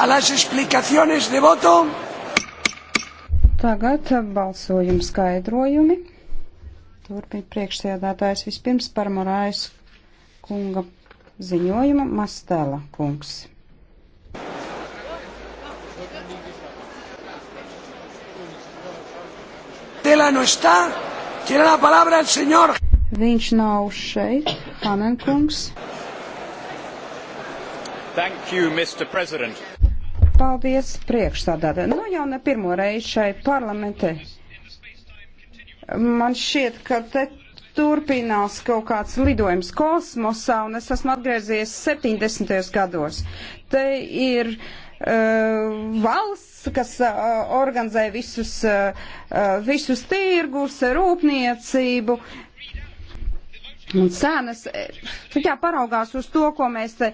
a las explicaciones de voto. Tagad balsojumu skaidrojumi. Turpin priekšsēdētājs vispirms par Morais kunga ziņojumu Mastela kungs. Tela no está. Tiene la palabra el señor. Viņš nav šeit. Hanen kungs. Thank you, Mr. President. Paldies priekšsādātā. Nu jau ne pirmo reizi šai parlamente. Man šķiet, ka te turpinās kaut kāds lidojums kosmosā, un es esmu atgriezies 70. gados. Te ir uh, valsts, kas uh, organizē visus, uh, uh visus tirgus, rūpniecību, uh, Un cenas, e, nu jā, paraugās uz to, ko mēs te,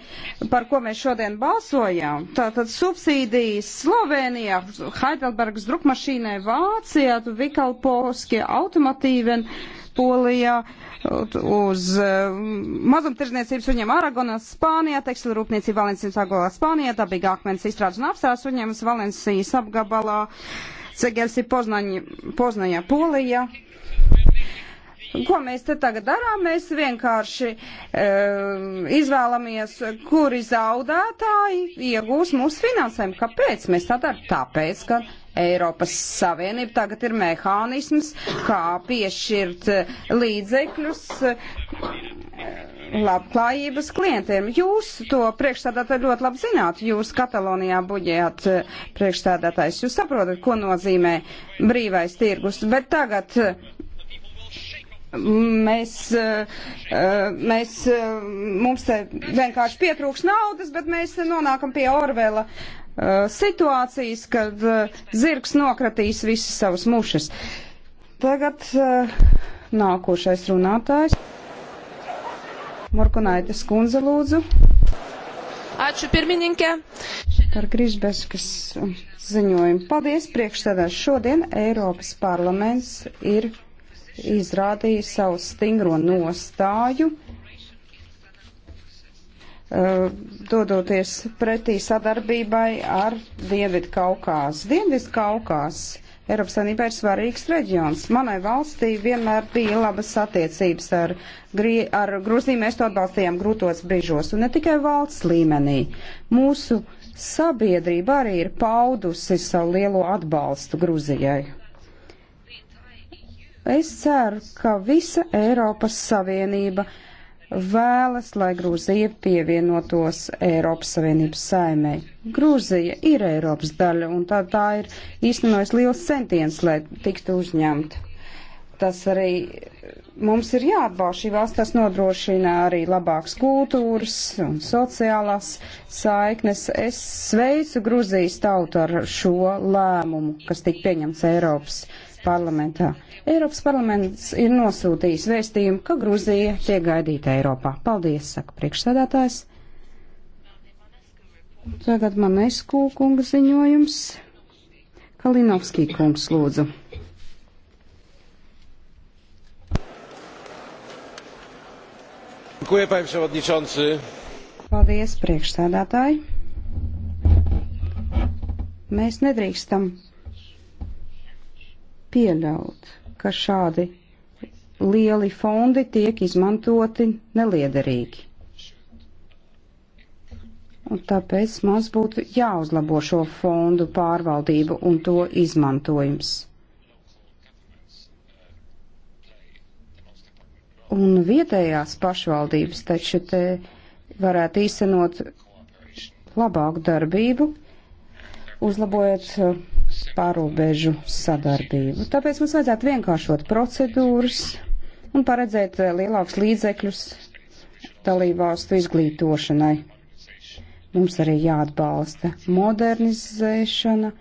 par ko mēs šodien balsojām. Tātad subsīdijas Slovenijā, Heidelbergas drukmašīnai Vācijā, Vikalpolskie automatīven Polijā, uz uh, mazumtirdzniecības suņiem Aragonā, Spānijā, tekstilu rūpniecība Valencijas apgabalā Spānijā, dabīga akmens izstrādes un apstāsts suņiem Valencijas apgabalā, Cegelsi Poznaņa, Poznaņā Polijā. Ko mēs te tagad darām? Mēs vienkārši e, izvēlamies, kuri zaudētāji iegūs mūsu finansēm. Kāpēc mēs tā darām? Tāpēc, ka Eiropas Savienība tagad ir mehānisms, kā piešķirt eh, līdzekļus eh, labklājības klientiem. Jūs to priekšstādātāju ļoti labi zināt. Jūs Katalonijā buģējāt eh, priekšstādātājs. Jūs saprotat, ko nozīmē brīvais tirgus. Bet tagad Mēs, eh, eh, mēs, eh, mums te vienkārši pietrūks naudas, bet mēs nonākam pie Orvela situācijas, kad zirgs nokratīs visas savas mušas. Tagad nākošais runātājs. Morkunaitis kundze lūdzu. Ačiū pirmininkė. Par Grisbeskas ziņojumu. Paldies priekšsēdēs. Šodien Eiropas parlaments ir izrādīja savu stingro nostāju, uh, dodoties pretī sadarbībai ar Dienvidu Kaukās. Dienvidu Kaukās Eiropas Savienībā ir svarīgs reģions. Manai valstī vienmēr bija labas attiecības ar, grie, ar Grūziju. Mēs to atbalstījām grūtos brīžos, un ne tikai valsts līmenī. Mūsu sabiedrība arī ir paudusi savu lielo atbalstu Grūzijai. Es ceru, ka visa Eiropas Savienība vēlas, lai Grūzija pievienotos Eiropas Savienības saimē. Grūzija ir Eiropas daļa, un tā, tā ir īstenojis liels centiens, lai tiktu uzņemta. Tas arī mums ir jāatbalsta šī valsts, tas nodrošina arī labāks kultūras un sociālās saiknes. Es sveicu Grūzijas tautu ar šo lēmumu, kas tika pieņemts Eiropas Savienības parlamentā. Eiropas parlaments ir nosūtījis vēstījumu, ka Gruzija tiek gaidīta Eiropā. Paldies, saka priekšsēdētājs. Tagad Manesku kunga ziņojums. Kalinovskī kungs lūdzu. panie przewodniczący! paldies priekšsēdētāji mēs nedrīkstam pieļaut, ka šādi lieli fondi tiek izmantoti neliederīgi. Un tāpēc mums būtu jāuzlabo šo fondu pārvaldību un to izmantojums. Un vietējās pašvaldības taču te varētu īstenot labāku darbību, uzlabojot uh, pārobežu sadarbību. Tāpēc mums vajadzētu vienkāršot procedūras un paredzēt eh, lielākus līdzekļus dalībvalstu izglītošanai. Mums arī jāatbalsta modernizēšana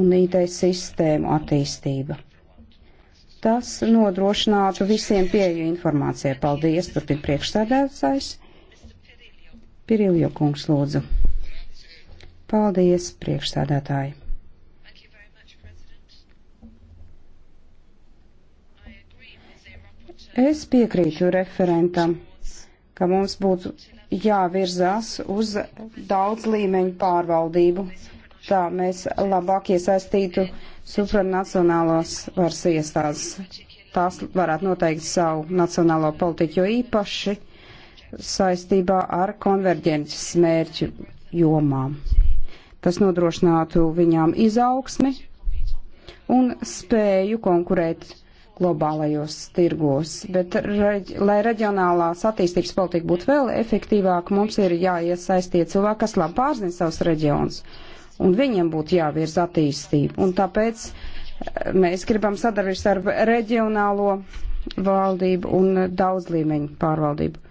un IT sistēmu attīstība. Tas nodrošinātu visiem pieeju informācijai. Paldies, turpin priekšsēdētājs. Piriljo kungs lūdzu. Paldies, priekšsēdētāji. Es piekrītu referentam, ka mums būtu jāvirzās uz daudz līmeņu pārvaldību. Tā mēs labāk iesaistītu supranacionālās varas iestādes. Tās varētu noteikt savu nacionālo politiku, jo īpaši saistībā ar konverģences mērķu jomām. Tas nodrošinātu viņām izaugsmi un spēju konkurēt globālajos tirgos, bet, reģ, lai reģionālās attīstības politika būtu vēl efektīvāka, mums ir jāiesaistie cilvēki, kas labi pārzina savus reģionus, un viņiem būtu jāvirz attīstība. Un tāpēc eh, mēs gribam sadarbības ar reģionālo valdību un daudzlīmeņu pārvaldību.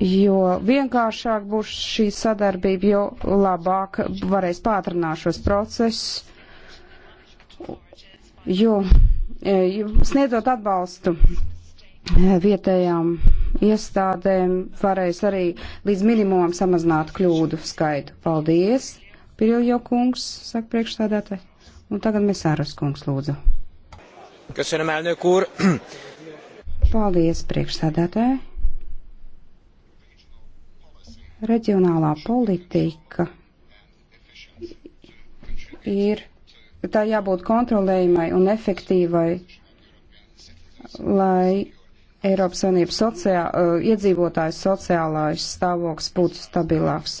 jo vienkāršāk būs šī sadarbība, jo labāk varēs pātrināt šos procesus, jo e, sniedzot atbalstu e, vietējām iestādēm varēs arī līdz minimumam samazināt kļūdu skaitu. Paldies, Pirjo kungs, saka priekšstādātāji. Un tagad mēs āras kungs lūdzu. Kas ir mēlnieku kūr? Paldies, priekšstādātāji. Reģionālā politika ir, tā jābūt kontrolējumai un efektīvai, lai Eiropas Savienības sociā, eh, iedzīvotājs sociālais stāvoklis būtu stabilāks.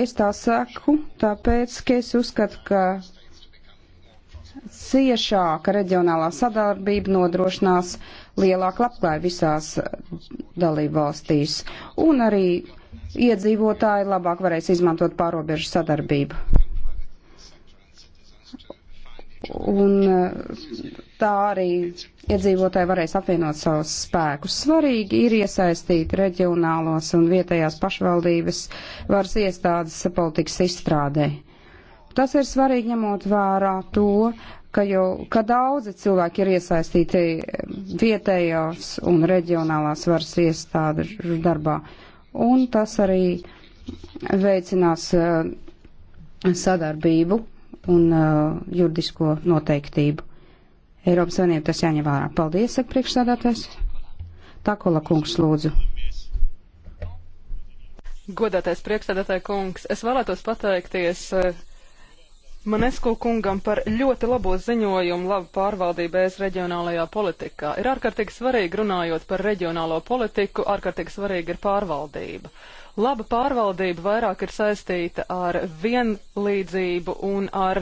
Es tā saku, tāpēc, ka es uzskatu, ka ciešāka reģionālā sadarbība nodrošinās uh, lielāka labklājība visās eh, dalību valstīs, un arī iedzīvotāji labāk varēs izmantot pārobežu sadarbību. Un eh, tā arī iedzīvotāji varēs apvienot savus spēkus. Svarīgi ir iesaistīt reģionālos un vietējās pašvaldības varas iestādes politikas izstrādē. Tas ir svarīgi ņemot vērā to, ka, jau, ka daudzi cilvēki ir iesaistīti vietējās un reģionālās varas iestāžu darbā. Un tas arī veicinās uh, sadarbību un uh, juridisko noteiktību. Eiropas Savienība tas jāņem vērā. Paldies, saka priekšsādātājs. Takola kungs lūdzu. Godātais priekšsēdētāja kungs, es vēlētos pateikties uh, Manesko kungam par ļoti labo ziņojumu labu pārvaldību ES reģionālajā politikā. Ir ārkārtīgi svarīgi runājot par reģionālo politiku, ārkārtīgi svarīgi ir pārvaldība. Laba pārvaldība vairāk ir saistīta ar vienlīdzību un ar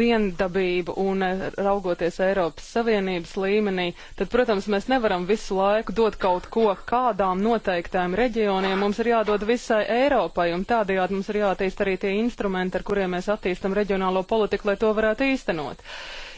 viendabību un raugoties Eiropas Savienības līmenī, tad, protams, mēs nevaram visu laiku dot kaut ko kādām noteiktām reģioniem. Mums ir jādod visai Eiropai, un tādējādi mums ir jātīst arī tie instrumenti, ar kuriem mēs attīstam reģionālo politiku, lai to varētu īstenot.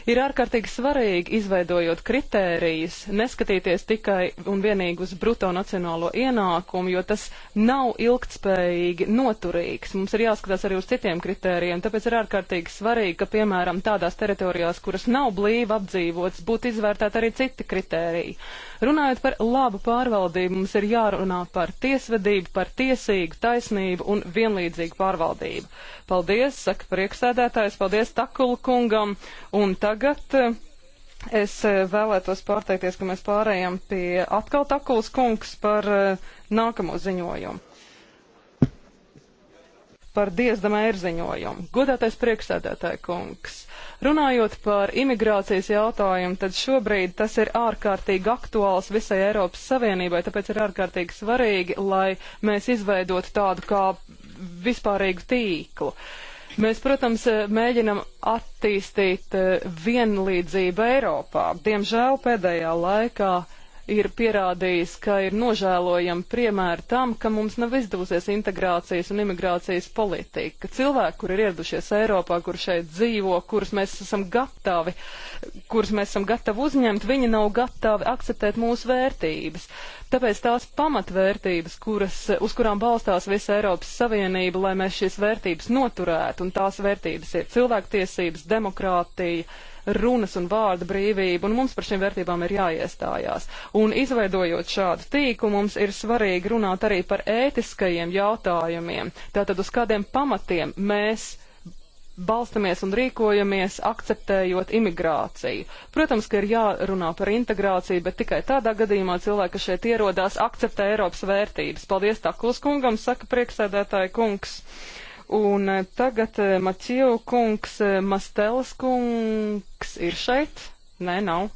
Ir ārkārtīgi svarīgi, izveidojot kritērijas, neskatīties tikai un vienīgi uz bruto nacionālo ienākumu, jo tas nav ilgtspējīgi noturīgs. Mums ir jāskatās arī uz citiem kritērijiem, tāpēc ir ārkārtīgi svarīgi, ka, piemēram, tādās teritorijās, kuras nav blīvi apdzīvotas, būtu izvērtēti arī citi kritēriji. Runājot par labu pārvaldību, mums ir jārunā par tiesvedību, par tiesīgu, taisnību un vienlīdzīgu pārvaldību. Paldies, saka priekšsēdētājs, paldies Takulu kungam. Un tagad eh, Es eh, vēlētos pārteikties, ka mēs pārējām pie atkal takulas kungs par eh, nākamo ziņojumu par diezdam ērziņojumu. Godātais priekšsēdētāja kungs. Runājot par imigrācijas jautājumu, tad šobrīd tas ir ārkārtīgi aktuāls visai Eiropas Savienībai, tāpēc ir ārkārtīgi svarīgi, lai mēs izveidotu tādu kā vispārīgu tīklu. Mēs, protams, mēģinam attīstīt eh, vienlīdzību Eiropā. Diemžēl pēdējā laikā uh, ir pierādījis, ka ir nožēlojami piemēri tam, ka mums nav izdevusies integrācijas un imigrācijas politika. Cilvēki, kur ir ieradušies Eiropā, kur šeit dzīvo, kurus mēs esam gatavi, kurus mēs esam gatavi uzņemt, viņi nav gatavi akceptēt mūsu vērtības. Tāpēc tās pamatvērtības, kuras, uz kurām balstās visa Eiropas Savienība, lai mēs šīs vērtības noturētu, un tās vērtības ir cilvēktiesības, demokrātija, runas un vārda brīvība, un mums par šīm vērtībām ir jāiestājās. Un izveidojot šādu tīku, mums ir svarīgi runāt arī par ētiskajiem jautājumiem. Tātad uz kādiem pamatiem mēs balstamies un rīkojamies, akceptējot imigrāciju. Protams, ka ir jārunā par integrāciju, bet tikai tādā gadījumā cilvēki, kas šeit ierodās, akceptē Eiropas vērtības. Paldies Taklus kungam, saka prieksēdētāja kungs. Un eh, tagad eh, Maķiju kungs, eh, Mastelas kungs ir šeit? Nē, nav.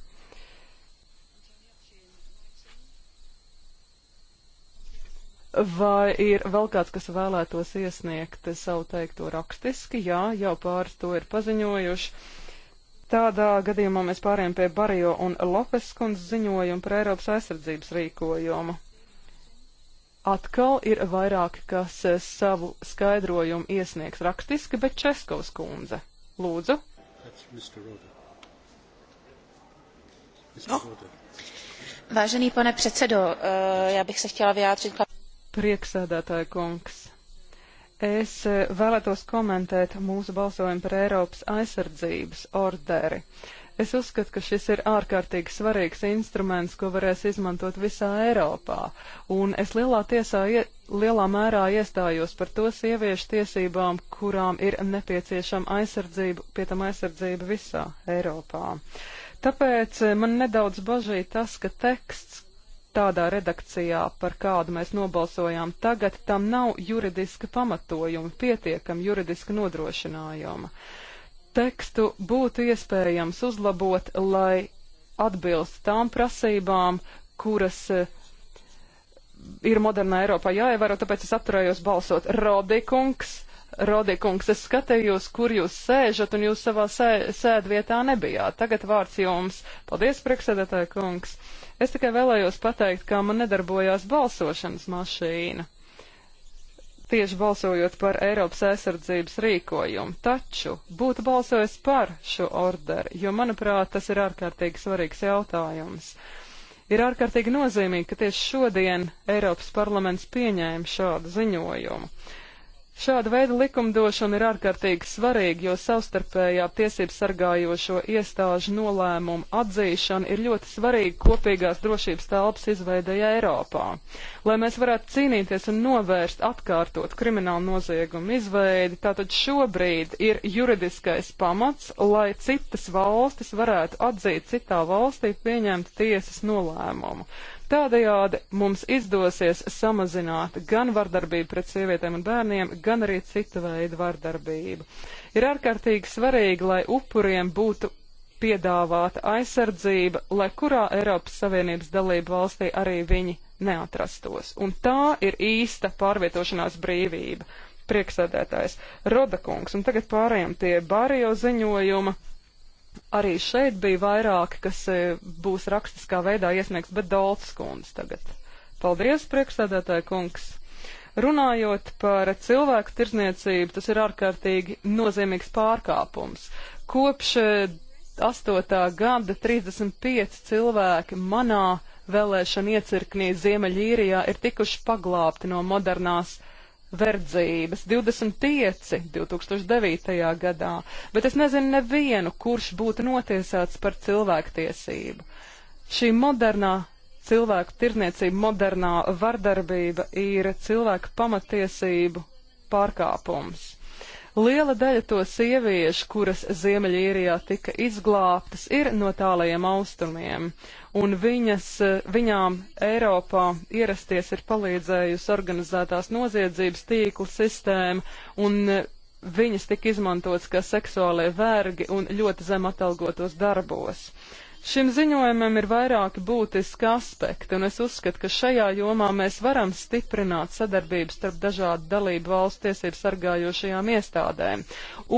Vai ir vēl kāds, kas vēlētos iesniegt savu teikto rakstiski? Jā, jau pāris to ir paziņojuši. Tādā gadījumā mēs pārējām pie Barijo un Lopes kundzes ziņojuma par Eiropas aizsardzības rīkojumu. Atkal ir vairāki, kas savu skaidrojumu iesniegs rakstiski, bet Českovs kundze. Lūdzu. No. Vážený pane předsedo, eh, já bych se chtěla vyjádřit. Prieksēdētāja kungs. Es e, vēlētos komentēt mūsu balsojumu par Eiropas aizsardzības orderi. Es uzskatu, ka šis ir ārkārtīgi svarīgs instruments, ko varēs izmantot visā Eiropā, un es lielā, tiesā, lielā mērā iestājos par to sieviešu tiesībām, kurām ir nepieciešama aizsardzība, pie tam aizsardzība visā Eiropā. Tāpēc e, man nedaudz bažīja tas, ka teksts, tādā redakcijā, par kādu mēs nobalsojām tagad, tam nav juridiska pamatojuma, pietiekam juridiska nodrošinājuma. Tekstu būtu iespējams uzlabot, lai atbilst tām prasībām, kuras eh, ir modernā Eiropā jāievēro, tāpēc es atturējos balsot. Rodikungs, Rodikungs, es skatējos, kur jūs sēžat, un jūs savā sē, sēdvietā nebijāt. Tagad vārds jums. Paldies, priekšsēdētāja kungs. Uh, Es tikai vēlējos pateikt, kā man nedarbojās balsošanas mašīna, tieši balsojot par Eiropas aizsardzības rīkojumu, taču būtu balsojis par šo orderi, jo, manuprāt, tas ir ārkārtīgi svarīgs jautājums. Ir ārkārtīgi nozīmīgi, ka tieši šodien Eiropas parlaments pieņēma šādu ziņojumu. Šāda veida likumdošana ir ārkārtīgi svarīga, jo savstarpējā tiesību sargājošo iestāžu nolēmumu atzīšana ir ļoti svarīga kopīgās drošības telpas izveidēja Eiropā. Lai mēs varētu cīnīties un novērst atkārtot kriminālu noziegumu izveidi, tātad šobrīd ir juridiskais pamats, lai citas valstis varētu atzīt citā valstī pieņemt tiesas nolēmumu. Tādējādi mums izdosies samazināt gan vardarbību pret sievietēm un bērniem, gan arī citu veidu vardarbību. Ir ārkārtīgi svarīgi, lai upuriem būtu piedāvāta aizsardzība, lai kurā Eiropas Savienības dalību valstī arī viņi neatrastos. Un tā ir īsta pārvietošanās brīvība. Prieksēdētājs Rodakungs, un tagad pārējām pie Bārijo ziņojuma. Arī šeit bija vairāki, kas e, būs rakstiskā veidā iesniegts, bet daudz skundas tagad. Paldies, priekšsēdētāja kungs! Runājot par cilvēku tirzniecību, tas ir ārkārtīgi nozīmīgs pārkāpums. Kopš 8. E, gada 35 cilvēki manā vēlēšana iecirknī Ziemeļīrijā ir tikuši paglābti no modernās verdzības, 25 2009. gadā, bet es nezinu nevienu, kurš būtu notiesāts par cilvēktiesību. Šī modernā cilvēku tirniecība, modernā vardarbība ir cilvēku pamatiesību pārkāpums. Liela daļa to sieviešu, kuras Ziemeļīrijā tika izglābtas, ir no tālajiem austrumiem, un viņas, viņām Eiropā ierasties ir palīdzējusi organizētās noziedzības tīkla sistēma, un e, viņas tika izmantotas kā seksuālie vergi un ļoti zem atalgotos darbos. Šim ziņojumam ir vairāki būtiski aspekti, un es uzskatu, ka šajā jomā mēs varam stiprināt sadarbību starp dažādu dalību valstu tiesību sargājošajām iestādēm.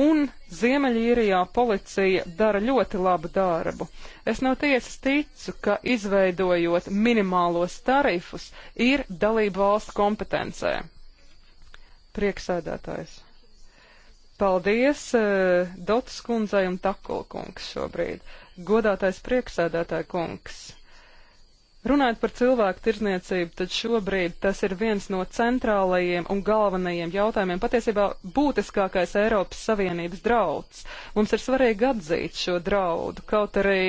Un Ziemeļīrijā policija dara ļoti labu darbu. Es no tiesas ticu, ka izveidojot minimālos tarifus ir dalību valstu kompetencē. Prieksēdētājs. Paldies uh, Dotas kundzei un Takulkungs šobrīd. Uh, Godātais priekšsēdētāja kungs. Runājot par cilvēku tirzniecību, tad šobrīd tas ir viens no centrālajiem un galvenajiem jautājumiem, patiesībā būtiskākais Eiropas Savienības drauds. Mums ir svarīgi atzīt šo draudu, kaut arī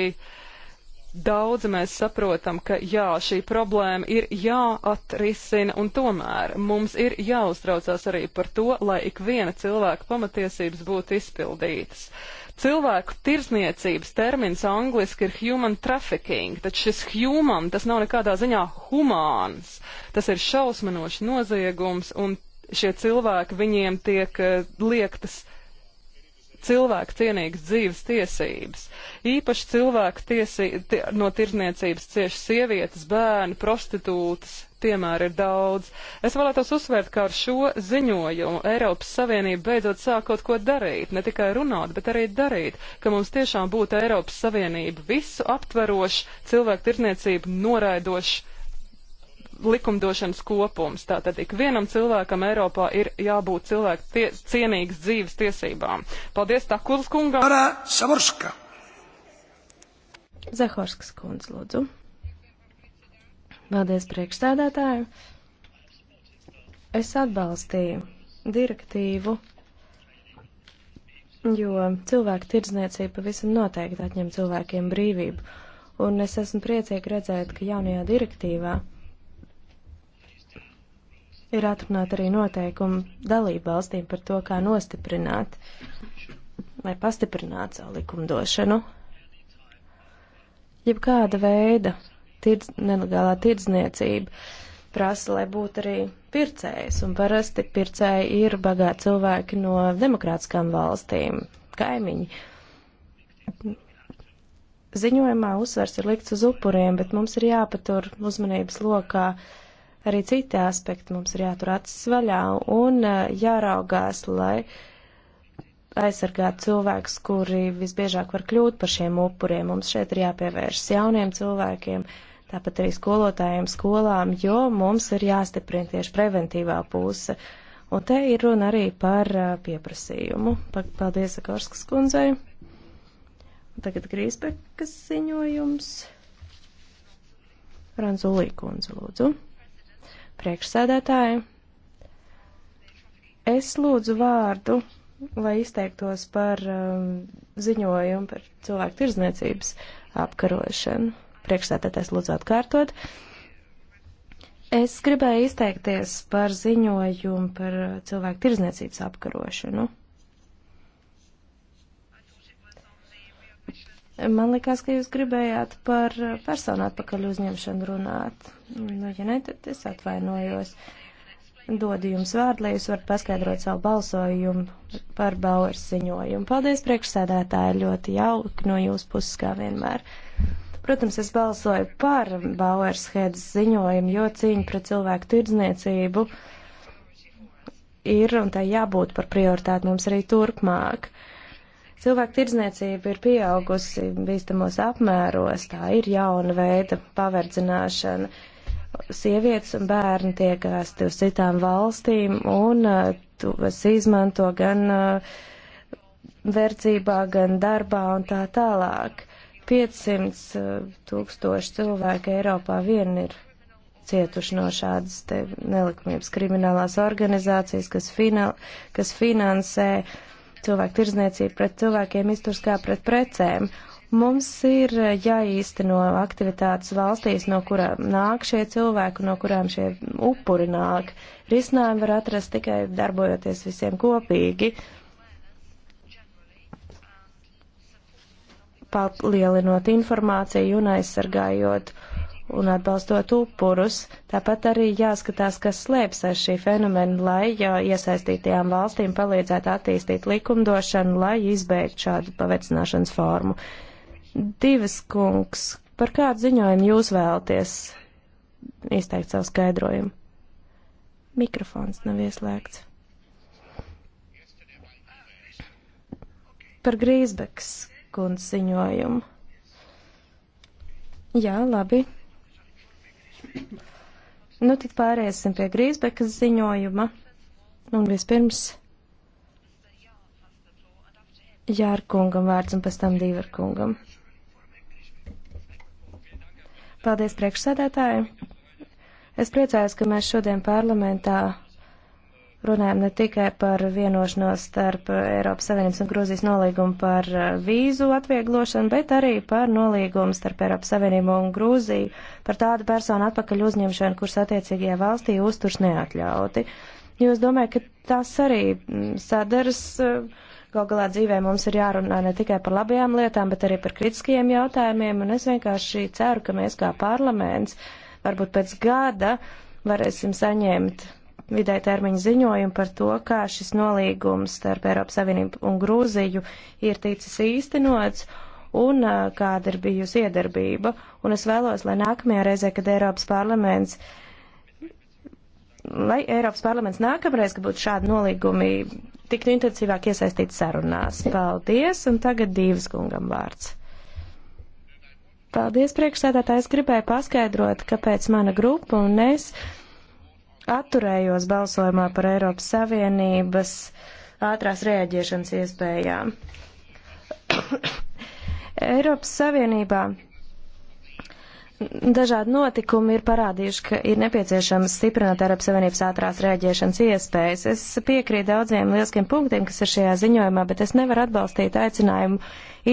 daudz mēs saprotam, ka jā, šī problēma ir jāatrisina, un tomēr mums ir jāuztraucās arī par to, lai ik viena cilvēka pamatiesības būtu izpildītas. Uh, Cilvēku tirsniecības termins angliski ir human trafficking, taču šis human tas nav nekādā ziņā humāns. Tas ir šausminošs noziegums un šie cilvēki viņiem tiek eh, liektas cilvēku cienīgas dzīves tiesības. Īpaši cilvēku tiesī, tie, no tirzniecības cieši sievietes, bērni, prostitūtas, piemēru ir daudz. Es vēlētos uzsvērt, ka ar šo ziņojumu Eiropas Savienība beidzot sāk kaut ko darīt, ne tikai runāt, bet arī darīt, ka mums tiešām būtu Eiropas Savienība visu aptverošs, cilvēku tirdzniecību noraidošs likumdošanas kopums. Tātad ik vienam cilvēkam Eiropā ir jābūt cilvēku tie, cienīgas dzīves tiesībām. Paldies Takulas kungam! Zahorskas kundze, lūdzu. Paldies priekšstādātāju. Es atbalstīju direktīvu, jo cilvēku tirdzniecība pavisam noteikti atņem cilvēkiem brīvību. Un es esmu priecīgi redzēt, ka jaunajā direktīvā ir atrunāti arī noteikumi dalību valstīm par to, kā nostiprināt vai pastiprināt savu likumdošanu. Jebkāda veida tird, nelegālā tirdzniecība prasa, lai būtu arī pircējs, un parasti pircēji ir bagāti cilvēki no demokrātiskām valstīm, kaimiņi. Ziņojumā uzsvers ir likts uz upuriem, bet mums ir jāpatur uzmanības lokā arī citi aspekti, mums ir jātur acis vaļā un eh, jāraugās, lai aizsargāt cilvēkus, kuri visbiežāk var kļūt par šiem upuriem. Mums šeit ir jāpievēršas jauniem cilvēkiem, uh, tāpat arī skolotājiem skolām, jo mums ir jāstiprina tieši preventīvā puse. Un te ir runa arī par uh, pieprasījumu. Paldies, Akorskas kundzei. Tagad Grīsbekas ziņojums. Ranzulī kundze, lūdzu. Priekšsēdētāji. Es lūdzu vārdu, lai izteiktos par um, ziņojumu par cilvēku tirdzniecības apkarošanu. Priekšsēdētājs lūdzu atkārtot. Es gribēju izteikties par ziņojumu par cilvēku tirzniecības apkarošanu. Man likās, ka jūs gribējāt par personu atpakaļ uzņemšanu runāt. Nu, ja ne, tad es atvainojos. Dodu jums vārdu, lai jūs varat paskaidrot savu balsojumu par Bauer ziņojumu. Paldies, priekšsēdētāji, ļoti jauki no jūsu puses, kā vienmēr. Protams, es balsoju par Bauers Hedas ziņojumu, jo cīņa pret cilvēku tirdzniecību ir un tai jābūt par prioritāti mums arī turpmāk. Cilvēku tirdzniecība ir pieaugusi bīstamos apmēros, tā ir jauna veida paverdzināšana. Sievietes un bērni tiek vēsti uz citām valstīm un uh, tos izmanto gan uh, verdzībā, gan darbā un tā tālāk. 500 uh, tūkstoši cilvēku Eiropā vien ir cietuši no šādas te nelikumības kriminālās organizācijas, kas, fina, kas finansē cilvēku tirzniecību pret cilvēkiem izturs kā pret precēm. Mums ir uh, jāīsteno aktivitātes valstīs, no kurām nāk šie cilvēki, no kurām šie upuri nāk. Risinājumi var atrast tikai darbojoties visiem kopīgi. Uh, palielinot informāciju un aizsargājot un atbalstot upurus. Tāpat arī jāskatās, kas slēps aiz šī fenomena, lai iesaistītajām valstīm palīdzētu attīstīt likumdošanu, lai izbeigtu šādu pavecināšanas formu. Divas kungs, par kādu ziņojumu jūs vēlaties izteikt savu skaidrojumu? Mikrofons nav ieslēgts. Par Grīsbekas kundas ziņojumu. Jā, labi. Nu, tad pāriesim pie Grīsbekas ziņojuma. Un vispirms Jārkungam vārds un pēc tam Dīvarkungam. Paldies priekšsēdētāji. Es priecājos, ka mēs šodien parlamentā runājam ne tikai par vienošanos starp Eiropas Savienības un Grūzijas nolīgumu par eh, vīzu atvieglošanu, bet arī par nolīgumu starp Eiropas Savienību un Grūziju par tādu personu atpakaļ uzņemšanu, kuras attiecīgajā valstī uzturs neatļauti. Jo es domāju, ka tas arī mm, sadaras. Eh, gal galā dzīvē mums ir jārunā ne tikai par labajām lietām, bet arī par kritiskajiem jautājumiem, un es vienkārši ceru, ka mēs kā parlaments varbūt pēc gada varēsim saņemt vidē termiņa ziņojumu par to, kā šis nolīgums starp Eiropas Savienību un Grūziju ir ticis īstenots un kāda ir bijusi iedarbība. Un es vēlos, lai nākamajā reizē, kad Eiropas parlaments, lai Eiropas parlaments nākamreiz, kad būtu šādi nolīgumi, tiktu intensīvāk iesaistīts sarunās. Paldies, un tagad divas kungam vārds. Paldies, priekšsēdētājs, gribēju paskaidrot, kāpēc mana grupa un es. Uh, atturējos balsojumā par Eiropas Savienības ātrās rēģēšanas iespējām. Eiropas Savienībā dažādi notikumi ir parādījuši, ka ir nepieciešams stiprināt Eiropas Savienības ātrās rēģēšanas iespējas. Es piekrītu daudziem lieliskiem punktiem, kas ir šajā ziņojumā, bet es nevaru atbalstīt aicinājumu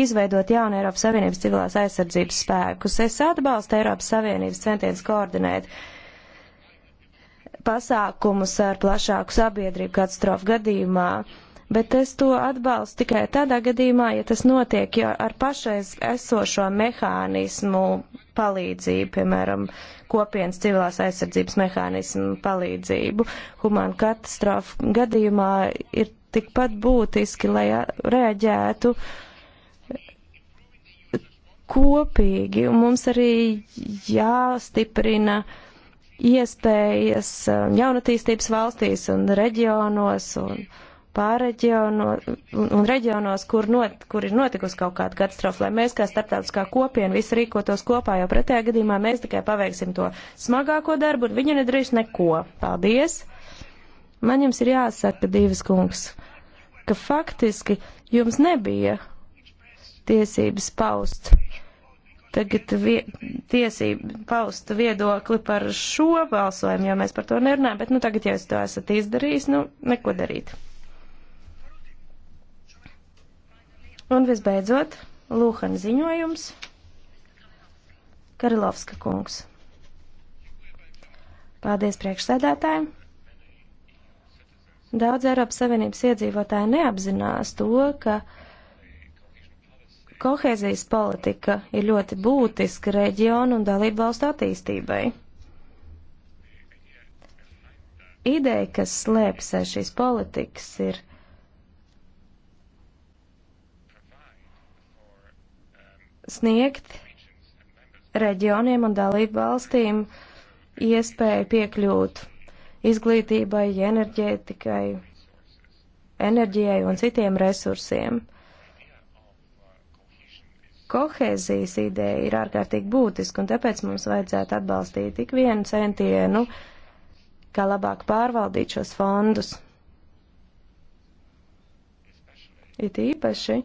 izveidot jaunu Eiropas Savienības civilās aizsardzības spēkus. Es atbalstu Eiropas Savienības centienus koordinēt pasākumus ar plašāku sabiedrību katastrofu gadījumā, bet es to atbalstu tikai tādā gadījumā, ja tas notiek ja ar pašais esošo mehānismu palīdzību, piemēram, kopienas civilās aizsardzības mehānismu palīdzību. Humāna katastrofu gadījumā ir tikpat būtiski, lai reaģētu kopīgi, un mums arī jāstiprina uh, iespējas um, jaunatīstības valstīs un reģionos un pārreģiono, un, un reģionos, kur, not, kur ir notikusi kaut kāda katastrofa, lai mēs kā starptautiskā kopiena visi rīkotos kopā, jo pretējā gadījumā mēs tikai paveiksim to smagāko darbu, un viņi nedarīs neko. Paldies! Man jums ir jāsaka, divas kungs, ka faktiski jums nebija tiesības paust uh, tagad vie, tiesību paust viedokli par šo balsojumu, jo mēs par to nerunājam, bet nu tagad, ja es to esat izdarījis, nu neko darīt. Un visbeidzot, Lūhan ziņojums, Karilovska kungs. Paldies priekšsēdētājiem! Daudz Eiropas Savienības iedzīvotāji neapzinās to, ka uh, Kohēzijas politika ir ļoti būtiska reģionu un dalību valstu attīstībai. Ideja, kas slēpjas aiz šīs politikas, ir sniegt reģioniem un dalību valstīm iespēju piekļūt izglītībai, enerģētikai, enerģijai un citiem resursiem kohēzijas ideja ir ārkārtīgi būtiska, un tāpēc mums vajadzētu atbalstīt tik vienu centienu, kā labāk pārvaldīt šos fondus. It īpaši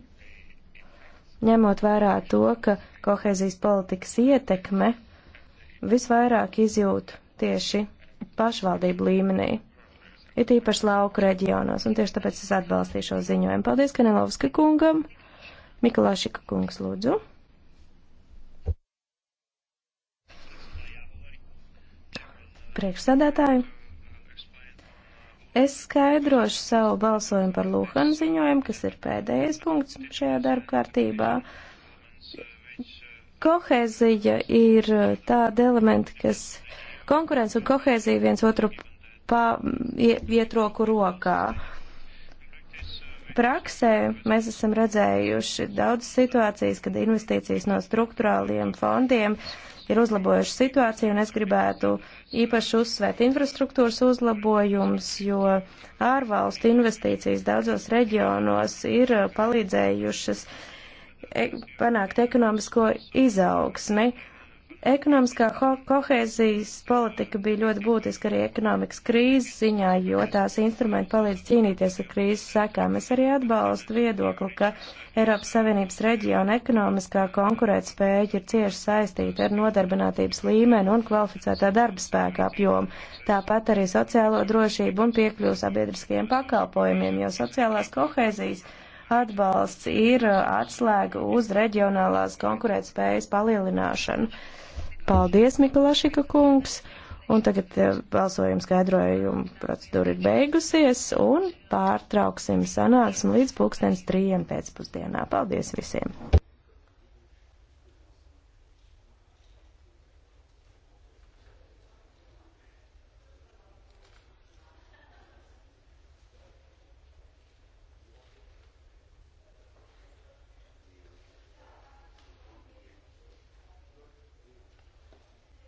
ņemot vērā to, ka kohēzijas politikas ietekme visvairāk izjūt tieši pašvaldību līmenī. It īpaši lauku reģionos, un tieši tāpēc es atbalstīšu šo ziņojumu. Paldies Kanelovska kungam! Mikulāšika kungs, lūdzu. Priekšsēdētāji. Es skaidrošu savu balsojumu par Lūhanu ziņojumu, kas ir pēdējais punkts šajā darba kārtībā. Kohēzija ir tāda elementa, kas konkurence un kohēzija viens otru pa, ie, ietroku rokā. Uh, Praksē mēs esam redzējuši daudz situācijas, kad investīcijas no struktūrāliem fondiem ir uzlabojuši situāciju, un es gribētu īpaši uzsvērt infrastruktūras uzlabojums, jo ārvalstu investīcijas daudzos reģionos ir palīdzējušas e, panākt ekonomisko izaugsmi. Ne? Ekonomiskā kohēzijas politika bija ļoti būtiska arī ekonomikas krīzes ziņā, jo tās instrumenti palīdz cīnīties ar krīzes sekām. Es arī atbalstu viedokli, ka Eiropas Savienības reģiona ekonomiskā konkurētspēja ir cieši saistīta ar nodarbinātības līmeni un kvalificētā darba spēka apjomu. Tāpat arī sociālo drošību un piekļuvu sabiedriskajiem pakalpojumiem, jo sociālās kohēzijas atbalsts ir uh, atslēga uz reģionālās konkurētspējas palielināšanu. Paldies, Mikulašika kungs! Un tagad eh, balsojuma skaidrojuma procedūra ir beigusies un pārtrauksim sanāksmi līdz pulkstens trījiem pēcpusdienā. Paldies visiem!